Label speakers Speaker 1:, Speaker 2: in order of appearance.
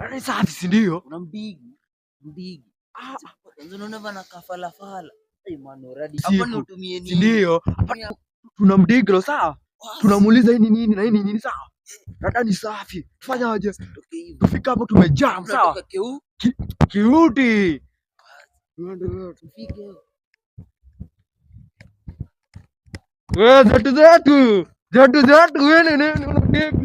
Speaker 1: Yaani safi si ndio? Una ah, ah. Ndio. Tuna mdigro sawa? Tunamuuliza hii ni nini na hii ni nini sawa? Rada ni safi. tufanyaje Tufika hapo tumejam sawa? Kiuti. zetu zetu. Zetu zetu Good